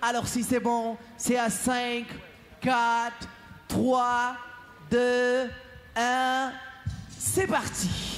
Alors si c'est bon, c'est à 5, 4, 3, 2, 1. C'est parti.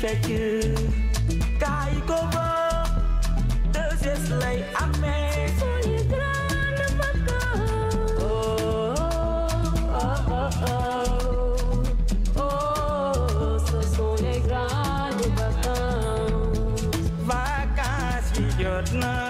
fecc kaay ko ba deuxième lay amee suñu grande mata oh oh oh oh ce sont les grandes vacances vacances yi jot na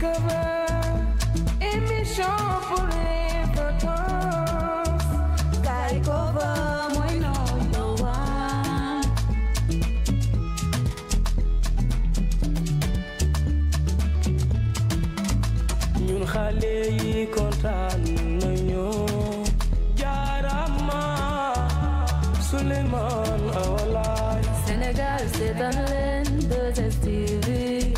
Discover, émission pour les vacances. Sky Cover, mooy noonu waa. ñun xale yi kontaan nañu. jaarama Souleymane Awalaay. Sénégal seetaan leen 2STV.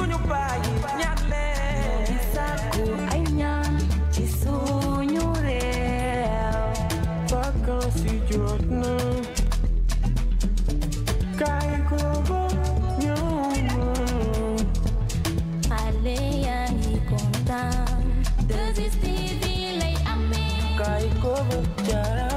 suñu bàyyi ñaan leen di sàkku ay ñaan ci suñu réew vacances yi jot na kaay ko ba ñëw xale yaa ngi kontaan 2STV lay amee kaay ko ba jaar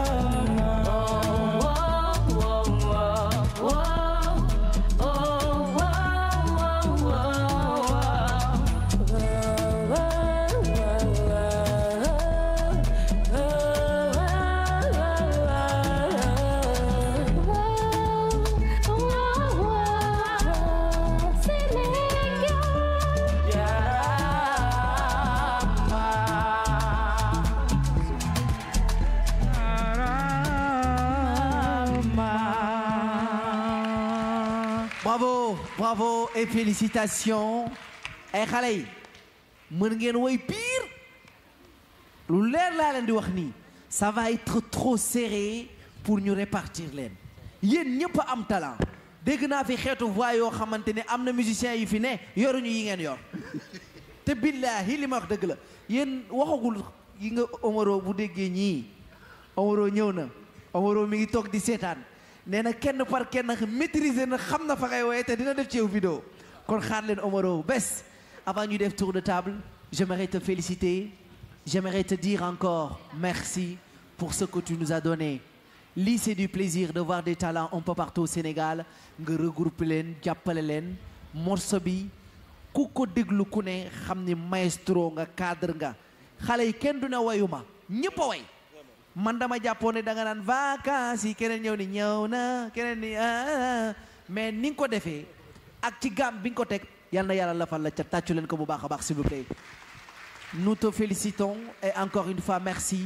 bravo bravo et félicitations ay xale yi mën ngeen woy pire lu leer laa leen di wax nii ça va être trop serré pour ñu repartir leen yéen ñëpp am talent dégg naa fi xeetu voix yoo xamante ne am na musiciens yi fi ne yoruñu yi ngeen yor te billaahi li ma wax dëgg la yéen waxagul yi nga Omaro bu déggee ñii Omaro ñëw na Omaro mi ngi toog di seetaan nee na kenn par kenn maîtriser na xam na fa ngay woye te dina def ci yow vidéo kon xaar leen Omaro Bess avant ñu def tour de table j'aimerais te féliciter j'aimerais te dire encore merci pour ce que tu nous as donné lii c'est du plaisir de voir des talents un peu partout au Sénégal nga regrouper leen jàppale leen morceau bi ku ko déglu ku ne xam ni maestro nga cadre nga xale yi kenn du ne wayuma ñëpp a way man dama jàppoon ne da nga naan vacances yi keneen ñëw ni ñëw na keneen ni ah, ah, ah. mais ni nga ko defee ak ci gaam bi nga ko teg yal na yàlla lafal la ca tàccu leen ko bu baax a baax s'il vous plaît nous te félicitons et encore une fois merci